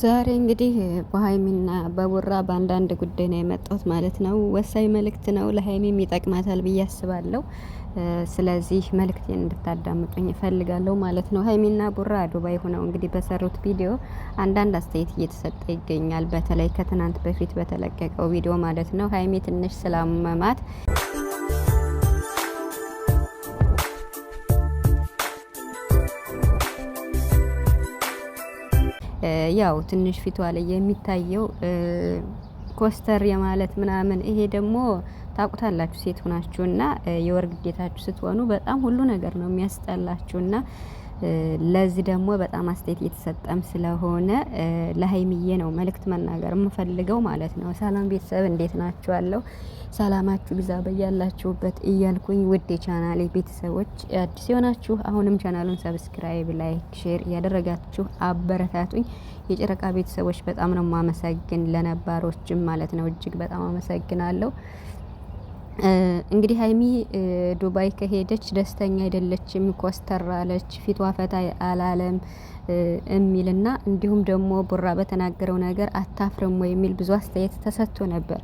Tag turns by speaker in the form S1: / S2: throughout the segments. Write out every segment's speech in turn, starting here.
S1: ዛሬ እንግዲህ በሀይሚና በቡራ በአንዳንድ ጉዳይ ነው የመጣሁት ማለት ነው። ወሳኝ መልእክት ነው፣ ለሀይሚም ይጠቅማታል ብዬ አስባለሁ። ስለዚህ መልእክቴን እንድታዳምጡኝ እፈልጋለሁ ማለት ነው። ሀይሚና ቡራ ዱባይ ሆነው እንግዲህ በሰሩት ቪዲዮ አንዳንድ አስተያየት እየተሰጠ ይገኛል። በተለይ ከትናንት በፊት በተለቀቀው ቪዲዮ ማለት ነው ሀይሚ ትንሽ ስላመማት ያው ትንሽ ፊቷ ላይ የሚታየው ኮስተር የማለት ምናምን ይሄ ደግሞ ታውቁታላችሁ ሴት ሆናችሁና የወር ግዴታችሁ ስትሆኑ በጣም ሁሉ ነገር ነው የሚያስጠላችሁና ለዚህ ደግሞ በጣም አስተያየት እየተሰጠም ስለሆነ ለሀይሚዬ ነው መልእክት መናገር የምፈልገው ማለት ነው። ሰላም ቤተሰብ እንዴት ናችኋለሁ? ሰላማችሁ ብዛ በያላችሁበት እያልኩኝ ውድ የቻናሌ ቤተሰቦች አዲስ የሆናችሁ አሁንም ቻናሉን ሰብስክራይብ፣ ላይክ፣ ሼር እያደረጋችሁ አበረታቱኝ። የጨረቃ ቤተሰቦች በጣም ነው ማመሰግን፣ ለነባሮችም ማለት ነው እጅግ በጣም አመሰግናለሁ። እንግዲህ ሀይሚ ዱባይ ከሄደች ደስተኛ አይደለችም፣ ኮስተር አለች፣ ፊቷ ፈታ አላለም የሚልና እንዲሁም ደግሞ ቡራ በተናገረው ነገር አታፍርም ወይ የሚል ብዙ አስተያየት ተሰጥቶ ነበር።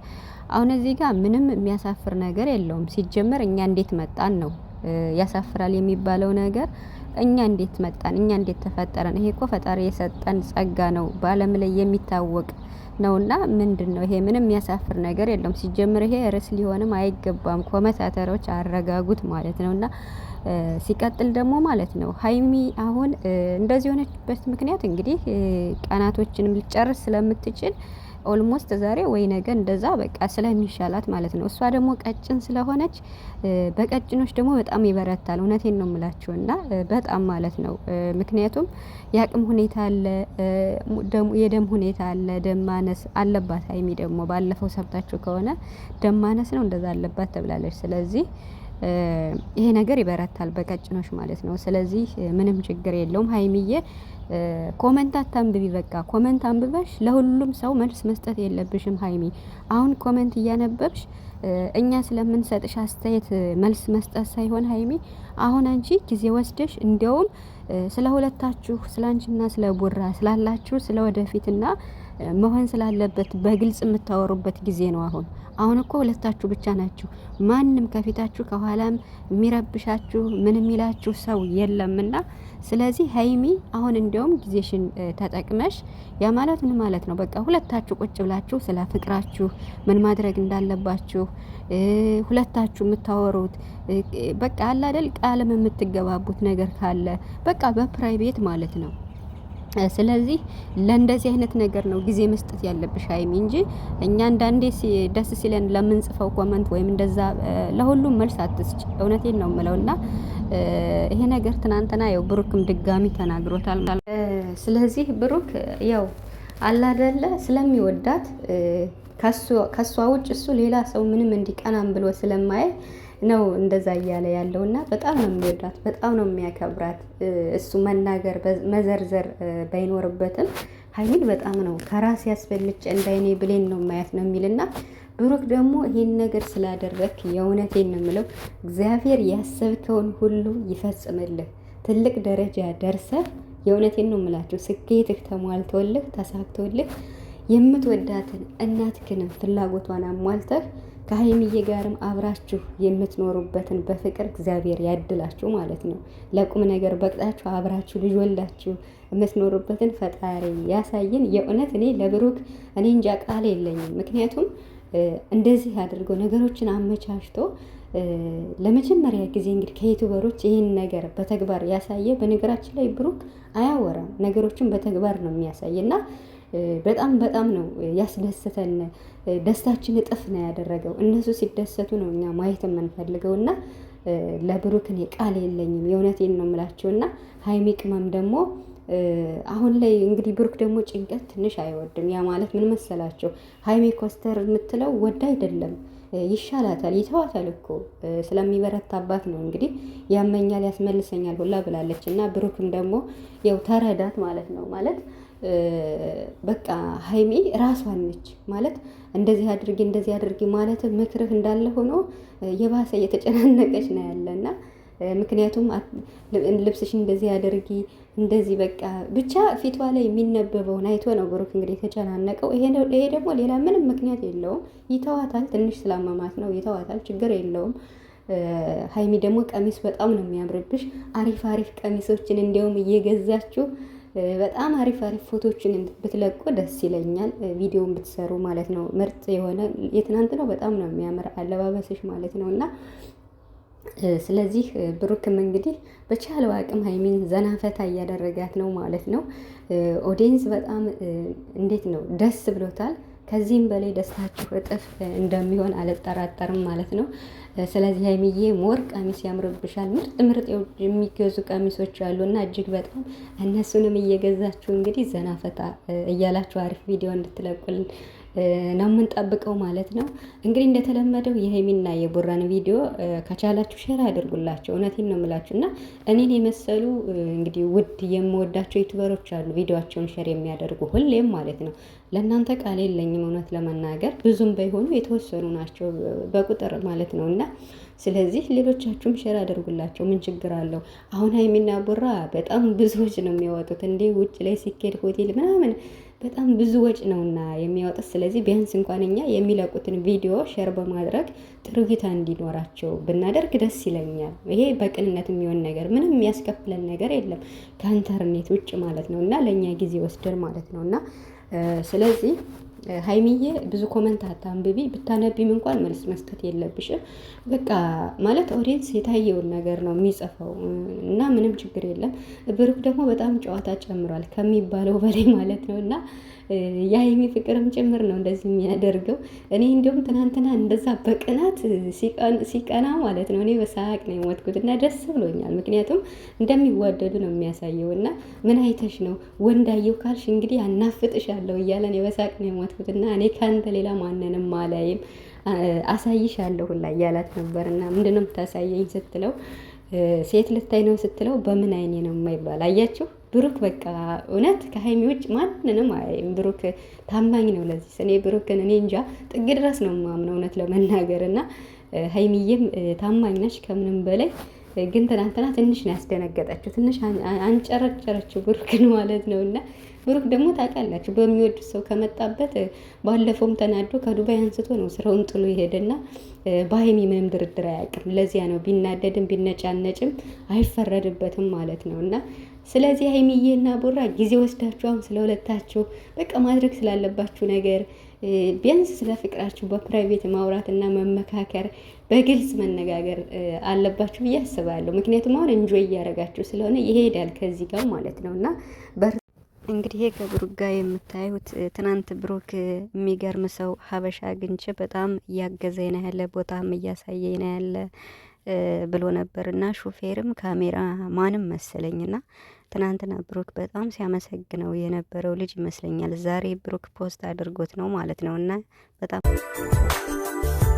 S1: አሁን እዚህ ጋር ምንም የሚያሳፍር ነገር የለውም። ሲጀመር እኛ እንዴት መጣን ነው ያሳፍራል የሚባለው ነገር እኛ እንዴት መጣን? እኛ እንዴት ተፈጠረን? ይሄ እኮ ፈጣሪ የሰጠን ጸጋ ነው፣ በዓለም ላይ የሚታወቅ ነውና ምንድን ነው ይሄ? ምንም የሚያሳፍር ነገር የለውም። ሲጀምር ይሄ ርዕስ ሊሆንም አይገባም። ኮመታተሮች አረጋጉት ማለት ነውና ሲቀጥል ደግሞ ማለት ነው ሀይሚ አሁን እንደዚህ የሆነችበት ምክንያት እንግዲህ ቀናቶችንም ልጨርስ ስለምትችል ኦልሞስት ዛሬ ወይ ነገ እንደዛ በቃ ስለሚሻላት ማለት ነው። እሷ ደግሞ ቀጭን ስለሆነች በቀጭኖች ደግሞ በጣም ይበረታል። እውነቴን ነው የምላችሁ እና በጣም ማለት ነው። ምክንያቱም የአቅም ሁኔታ አለ፣ የደም ሁኔታ አለ። ደም ማነስ አለባት ሀይሚ ደግሞ ባለፈው ሰብታችሁ ከሆነ ደም ማነስ ነው እንደዛ አለባት ተብላለች። ስለዚህ ይሄ ነገር ይበረታል በቀጭኖች ማለት ነው። ስለዚህ ምንም ችግር የለውም። ሀይሚዬ ኮመንት አታንብቢ በቃ ኮመንት አንብበሽ ለሁሉም ሰው መልስ መስጠት የለብሽም ሀይሚ። አሁን ኮመንት እያነበብሽ እኛ ስለምንሰጥሽ አስተያየት መልስ መስጠት ሳይሆን ሀይሚ፣ አሁን አንቺ ጊዜ ወስደሽ እንዲያውም ስለ ሁለታችሁ ስለ አንቺና ስለ ቡራ ስላላችሁ ስለ ወደፊትና መሆን ስላለበት በግልጽ የምታወሩበት ጊዜ ነው አሁን አሁን እኮ ሁለታችሁ ብቻ ናችሁ። ማንም ከፊታችሁ ከኋላም የሚረብሻችሁ ምን የሚላችሁ ሰው የለምና ስለዚህ ሀይሚ አሁን እንዲያውም ጊዜሽን ተጠቅመሽ ያ ማለት ምን ማለት ነው? በቃ ሁለታችሁ ቁጭ ብላችሁ ስለ ፍቅራችሁ ምን ማድረግ እንዳለባችሁ ሁለታችሁ የምታወሩት በቃ አላደል ቃልም የምትገባቡት ነገር ካለ በቃ በፕራይቬት ማለት ነው ስለዚህ ለእንደዚህ አይነት ነገር ነው ጊዜ መስጠት ያለብሽ ሀይሚ እንጂ እኛ አንዳንዴ ደስ ሲለን ለምንጽፈው ኮመንት ወይም እንደዛ ለሁሉም መልስ አትስጭ። እውነቴን ነው እና ይሄ ነገር ትናንትና ያው ብሩክም ድጋሚ ተናግሮታል። ስለዚህ ብሩክ ያው አላደለ ስለሚወዳት ከሷ ውጭ እሱ ሌላ ሰው ምንም እንዲቀናም ብሎ ስለማየ ነው እንደዛ እያለ ያለው እና በጣም ነው የሚወዳት፣ በጣም ነው የሚያከብራት። እሱ መናገር መዘርዘር ባይኖርበትም ሀይሚን በጣም ነው ከራስ ያስፈልጭ እንዳይኔ ብሌን ነው ማየት ነው የሚልና ብሩክ ደግሞ ይህን ነገር ስላደረክ የእውነቴን ነው የምለው እግዚአብሔር ያሰብከውን ሁሉ ይፈጽምልህ። ትልቅ ደረጃ ደርሰህ የእውነቴን ነው የምላችሁ ስኬትህ ተሟልቶልህ ተሳክቶልህ የምትወዳትን እናትክንም ፍላጎቷን አሟልተህ ከሀይሚዬ ጋርም አብራችሁ የምትኖሩበትን በፍቅር እግዚአብሔር ያድላችሁ ማለት ነው። ለቁም ነገር በቅጣችሁ አብራችሁ ልጅ ወልዳችሁ የምትኖሩበትን ፈጣሪ ያሳየን። የእውነት እኔ ለብሩክ እኔ እንጃ ቃል የለኝም። ምክንያቱም እንደዚህ አድርገው ነገሮችን አመቻችቶ ለመጀመሪያ ጊዜ እንግዲህ ከዩቱበሮች ይህን ነገር በተግባር ያሳየ። በነገራችን ላይ ብሩክ አያወራም፣ ነገሮችን በተግባር ነው የሚያሳይ እና በጣም በጣም ነው ያስደሰተን። ደስታችን እጥፍ ነው ያደረገው። እነሱ ሲደሰቱ ነው እኛ ማየት የምንፈልገው እና ለብሩክ እኔ ቃል የለኝም የእውነቴን ነው የምላችሁ። እና ሀይሚ ቅመም ደግሞ አሁን ላይ እንግዲህ ብሩክ ደግሞ ጭንቀት ትንሽ አይወድም። ያ ማለት ምን መሰላቸው ሀይሚ ኮስተር የምትለው ወድ አይደለም ይሻላታል ይተዋታል እኮ ስለሚበረታባት ነው እንግዲህ ያመኛል ያስመልሰኛል ሁላ ብላለች። እና ብሩክም ደግሞ ያው ተረዳት ማለት ነው ማለት በቃ ሀይሚ ራሷን ነች ማለት እንደዚህ አድርጊ እንደዚህ አድርጊ ማለት ምክርህ እንዳለ ሆኖ የባሰ እየተጨናነቀች ነው ያለና ምክንያቱም ልብስሽ እንደዚህ አድርጊ እንደዚህ በቃ ብቻ ፊቷ ላይ የሚነበበውን አይቶ ነው ብሩክ እንግዲህ የተጨናነቀው። ይሄ ደግሞ ሌላ ምንም ምክንያት የለውም። ይተዋታል፣ ትንሽ ስላመማት ነው ይተዋታል፣ ችግር የለውም። ሀይሚ ደግሞ ቀሚስ በጣም ነው የሚያምርብሽ። አሪፍ አሪፍ ቀሚሶችን እንዲያውም እየገዛችሁ በጣም አሪፍ አሪፍ ፎቶዎችን ብትለቁ ደስ ይለኛል። ቪዲዮን ብትሰሩ ማለት ነው። ምርጥ የሆነ የትናንት ነው። በጣም ነው የሚያምር አለባበስሽ ማለት ነው እና ስለዚህ ብሩክም እንግዲህ በቻለው አቅም ሀይሚን ዘናፈታ እያደረጋት ነው ማለት ነው። ኦዲየንስ በጣም እንዴት ነው ደስ ብሎታል። ከዚህም በላይ ደስታችሁ እጥፍ እንደሚሆን አልጠራጠርም ማለት ነው። ስለዚህ ሀይሚዬ ሞር ቀሚስ ያምርብሻል። ምርጥ ምርጥ የሚገዙ ቀሚሶች እና እጅግ በጣም እነሱንም እየገዛችሁ እንግዲህ ዘናፈታ እያላችሁ አሪፍ ቪዲዮ እንድትለቁልን ነው የምንጠብቀው ማለት ነው። እንግዲህ እንደተለመደው የሀይሚና የቡራን ቪዲዮ ከቻላችሁ ሼር አድርጉላቸው። እውነቴን ነው የምላችሁ እና እኔን የመሰሉ እንግዲህ ውድ የምወዳቸው ዩቱበሮች አሉ ቪዲዮቸውን ሼር የሚያደርጉ ሁሌም ማለት ነው። ለእናንተ ቃል የለኝም እውነት ለመናገር ብዙም ባይሆኑ የተወሰኑ ናቸው በቁጥር ማለት ነው እና ስለዚህ ሌሎቻችሁም ሼር አድርጉላቸው። ምን ችግር አለው? አሁን ሀይሚና ቡራ በጣም ብዙዎች ነው የሚያወጡት እንዲህ ውጭ ላይ ሲኬድ ሆቴል ምናምን በጣም ብዙ ወጪ ነውና የሚያወጡት። ስለዚህ ቢያንስ እንኳን እኛ የሚለቁትን ቪዲዮ ሼር በማድረግ ጥሩ እይታ እንዲኖራቸው ብናደርግ ደስ ይለኛል። ይሄ በቅንነት የሚሆን ነገር ምንም የሚያስከፍለን ነገር የለም ከኢንተርኔት ውጭ ማለት ነው እና ለእኛ ጊዜ ወስደን ማለት ነው እና ስለዚህ ሀይሚዬ ብዙ ኮመንት አታንብቢ፣ ብታነቢም እንኳን መልስ መስጠት የለብሽም። በቃ ማለት ኦዲየንስ የታየውን ነገር ነው የሚጽፈው እና ምንም ችግር የለም። ብሩክ ደግሞ በጣም ጨዋታ ጨምሯል ከሚባለው በላይ ማለት ነው እና የሀይሚ ፍቅርም ጭምር ነው እንደዚህ የሚያደርገው። እኔ እንዲሁም ትናንትና እንደዛ በቅናት ሲቀና ማለት ነው እኔ በሳቅ ነው የሞትኩት እና ደስ ብሎኛል። ምክንያቱም እንደሚዋደዱ ነው የሚያሳየው እና ምን አይተሽ ነው ወንዳየው ካልሽ እንግዲህ አናፍጥሻለሁ እያለ እኔ በሳቅ ነው የሞት እና እኔ ከአንተ ሌላ ማንንም አላይም አሳይሻለሁ ላይ እያላት ነበር። እና ምንድን ነው የምታሳየኝ ስትለው ሴት ልታይ ነው ስትለው በምን አይኔ ነው የማይባል አያችሁ። ብሩክ በቃ እውነት ከሀይሚ ውጭ ማንንም አያይም። ብሩክ ታማኝ ነው። ለዚህ እኔ ብሩክን እኔ እንጃ ጥግ ድረስ ነው የማምነው እውነት ለመናገር እና ሀይሚዬም ታማኝ ነች ከምንም በላይ ግን ትናንትና ትንሽ ነው ያስደነገጠችው። ትንሽ አንጨረጨረችው ብሩክን ማለት ነው። እና ብሩክ ደግሞ ታውቃላችሁ በሚወዱት ሰው ከመጣበት ባለፈውም ተናዶ ከዱባይ አንስቶ ነው ስራውን ጥሎ ይሄደና በሀይሚ ምንም ድርድር አያውቅም። ለዚያ ነው ቢናደድም ቢነጫነጭም አይፈረድበትም ማለት ነው እና ስለዚህ ሀይሚዬና ቡራ ጊዜ ወስዳችሁ አሁን ሁለታችሁ በቃ ማድረግ ስላለባችሁ ነገር ቢያንስ ስለ ፍቅራችሁ በፕራይቬት ማውራትና መመካከር በግልጽ መነጋገር አለባችሁ ብዬ አስባለሁ። ምክንያቱም አሁን እንጆይ እያደረጋችሁ ስለሆነ ይሄዳል ከዚህ ጋር ማለት ነው እና እንግዲህ ከብሩክ ጋር የምታዩት ትናንት ብሩክ የሚገርም ሰው ሀበሻ አግኝቼ በጣም እያገዘኝ ነው ያለ ቦታም እያሳየኝ ነው ያለ ብሎ ነበርና ሹፌርም ካሜራ ማንም መሰለኝና ትናንትና ብሩክ በጣም ሲያመሰግነው የነበረው ልጅ ይመስለኛል። ዛሬ ብሩክ ፖስት አድርጎት ነው ማለት ነው እና በጣም